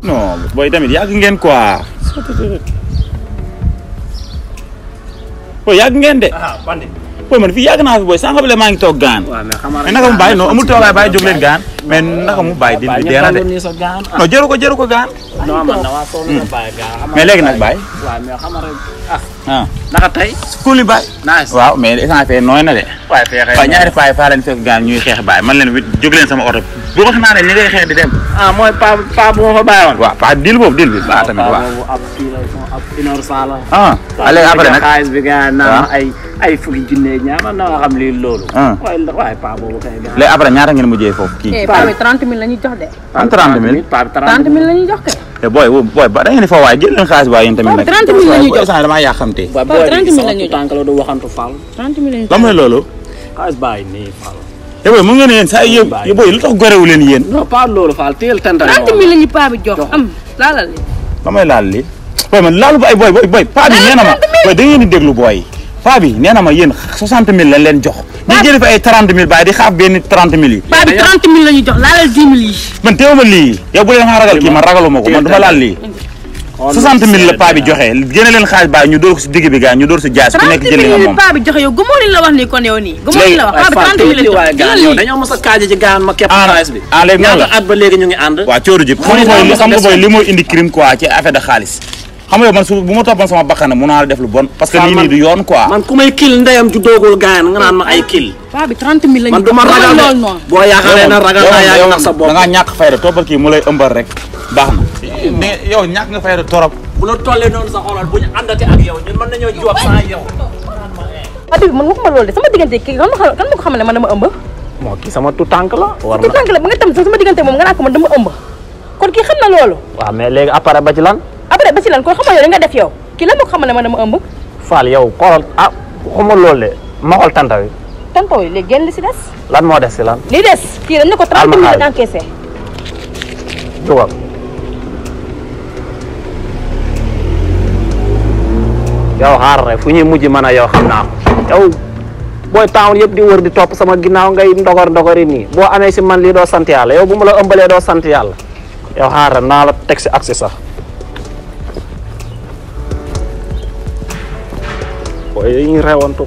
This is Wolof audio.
non booy tamit yàgg ngeen quoi. booy yàgg ngeen de. ah bandi. booy man fii yàgg naa fi booy sànq bi maa ngi toog gaan. waaw mais xamal mais naka mu bàyyi non amul toogaay bàyyi jóg leen gaan. mais naka mu bàyyi dina dina de. non jëru ko jëru ko gaan. non man damaa soxla nga mais léegi nag baay waaw mais xamal rek ah. ah. naka tey. ku li bàyyi. nice waaw mais instant fee nooy na de. waay ñaari paa yi faa leen fekk gaan ñuy xeex baay man leen jóg leen sama oto bu wax naa ne li ngay xeex di dem. ah mooy pa pa bu ma fa wa woon. waaw pa dil boobu dil bi ah tamit waaw ah, bi gars naan ah. ay ay fukki junne ñaar man na nga xam lii loolu. Ah. waaye waaye pa boobu kay. léegi après ñaata ngeen mujjee kii. Eh, pa bi 30 la ñuy jox de. am 30 000 pa bi 30 000 la ñuy jox kay. te eh, booy booy ba ngeen di waay jël leen xaalis waay yéen la ñuy jox damaa yàqamte. 30 000 la ñuy jox waaw la du waxantu la mooy loolu. Eh yow mu ngeen yéen saa yéen booy lu tax leen yéen. non pas loolu Fall teel tantale. 30 la ñu ma laal ba ay booy booy paa bi ma booy da ngeen di déglu booy paa bi nee na ma yéen 60 000 lañ leen jox. di jëlee fi ay 30 000 bàyyi di xaaf benn 30 000 yi. paa bi 30 la ñu jox laalal 10 000 yi. man teewu ma lii yow bu dee ma ngaa ragal kii man ragaluma ko man du ma laal lii. soixante mille la paa bi joxe génne leen xaalis baa ñu door ko si digg bi gaa ñu door si jaas ku nekk jël li nga bi joxe yow gëmoo li la wax ni kon yow nii gëmoo la wax paa bi trente mille la a ah, ah, indi crime quoi ci affaire de xaalis xam nga bu ma toppoon sama bakkan mun naa la def lu bon parce que lii nii du yoon quoi man ku may kil ndeyam ju doogul gaan nga naan ma ay kil paa bi trente mille la man du ma ragal boo yaakaaree na ragal naa yaa nax sa bopp yow ñàkk nga fayda torop. bu la tollee noonu sa xoolal bu ñu àndatee ak yow ñun mën nañoo jóg sans yow. Habib man waxuma loolu de sama diggante kii kan ma ko xam ne man dama ëmb. moo kii sama tu tànk la. war na tu tànk la ba nga tam sama diggante kon kii xam na loolu. waaw mais léegi après ba ci lan. après ba ci lan kon xam nga yow nga def yow kii lan ma ko xam ne ma dama ëmb. Fall yow xoolal ah xuma loolu de ma xool tantaw yi. tantaw yi léegi génn li si des. lan moo des si lan. li des kii dañ ne ko 30 minutes encaissé. jógal. yow xaar rek fu ñuy mujj mën a yow xam naa ko booy taawun yëpp di wër di topp sama ginnaaw ngay ndogor ndogori nii boo amee si man lii doo sant yàlla yow bu ma la ëmbalee doo sant yàlla yow xaar naa la teg si agsi sax booy yi ñu rewantu